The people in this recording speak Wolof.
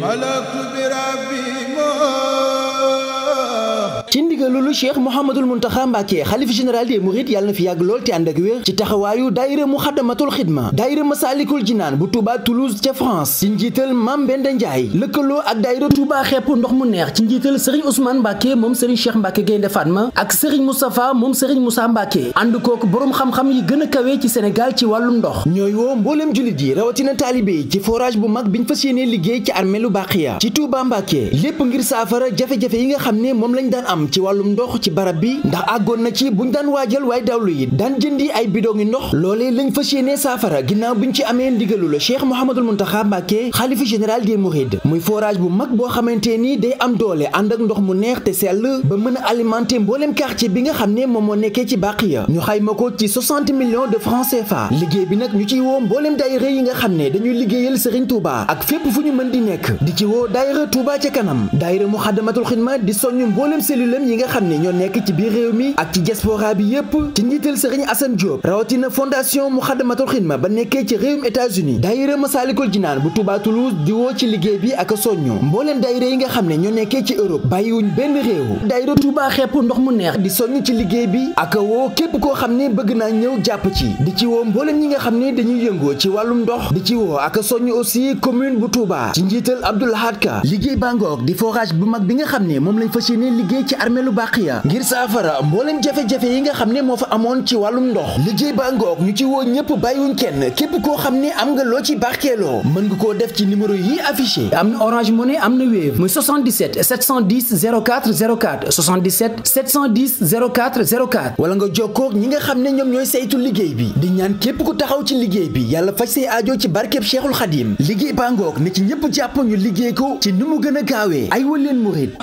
malaktu bi rabbi ci ndigalulu cheikh mouhamadul muntaxa mbàkke xalif général des mourides yàlla na fi yàgg lool te ànd ak wér ci taxawaayu daayira muxaddamatul xidma daayira masaalikul jinaan bu Touba Toulouse ca France ci njiital Mame Benda Ndiaye lëkkaloo ak daayira Touba xepp ndox mu neex ci njiital Serigne Ousmane Mbàkke moom Serigne Cheikh Mbàkke Gaynde Fatma ak Serigne Moustapha moom Serigne Moussa Mbàkke ànd kook boroom xam-xam yi gën a kawee ci senegal ci wàllum ndox ñooy woo mbooleem jullit yi rawatina taalibe yi ci bu mag biñ fas yéenee liggéey ci armeelu Baqiya ci Touba Mbàkke lépp ngir saafara jafe yi nga xam ne moom lañ daan am am ci wàllum ndox ci barab bi ndax àggoon na ci buñ daan waajal waaye dawlu yi daan jëndi ay bidon ngi ndox loolee lañ fas yéenee saafara ginnaaw biñ ci amee ndigalu la Cheikh Mouhamadul Mountakha Mbacké xalifa général des Mourides muy forage bu mag boo xamante ni day am doole ànd ak ndox mu neex te sell ba mën a alimenter mbooleem quartier bi nga xam ne moom moo nekkee ci Bakhiya ñu ma ko ci 60 millions de francs CFA liggéey bi nag ñu ciy woo mbooleem daayira yi nga xam ne dañuy liggéeyal Serigne Touba ak fépp fu ñu mën di nekk di ci woo daayira Touba ca kanam daayira Muxaddamatul Xidma lëm yi nga xam ne ñoo nekk ci biir réew mi ak ci diaspora bi yépp ci njiital Serigne Assane Diop ba nekkee ci réewum États-Unis daayira Masaalikul Jinaan bu Touba Toulouse di woo ci liggéey bi ak soñño mbooleem daayira yi nga xam ne ñoo nekkee ci Europe bàyyiwuñ benn réew daayira Touba xepp ndox mu neex di soññ ci liggéey bi ak woo képp koo xam ne bëgg naa ñëw jàpp ci di ci woo mbooleen ñi nga xam ne dañuy yëngoo ci wàllum ndox di ci woo ak soññ aussi commune bu Touba ci njiital Abdoul Hadka liggéey bàngoog di forage bu mag bi nga xam ne moom lañ fas yéene liggéey ci armée lu Baqiya ngir saafara mbooleen jafe-jafe yi nga xam ne moo fa amoon ci wàllum ndox liggéey baa ngoog ñu ci woo ñëpp bàyyiwuñ kenn képp koo xam ne am nga loo ci barkeeloo mën nga koo def ci numéro yi affiché am na Orange Money am na Wave muy 77 710 04 04 77 710 04 04 wala nga jokkoo ak ñi nga xam ne ñoom ñooy saytu liggéey bi di ñaan képp ku taxaw ci liggéey bi yàlla faj say aajo ci barkeb Cheikhul Khadim liggéey baa ngoog ne ci ñëpp jàpp ñu liggéey ko ci ni mu gën gaawee ay waleen murid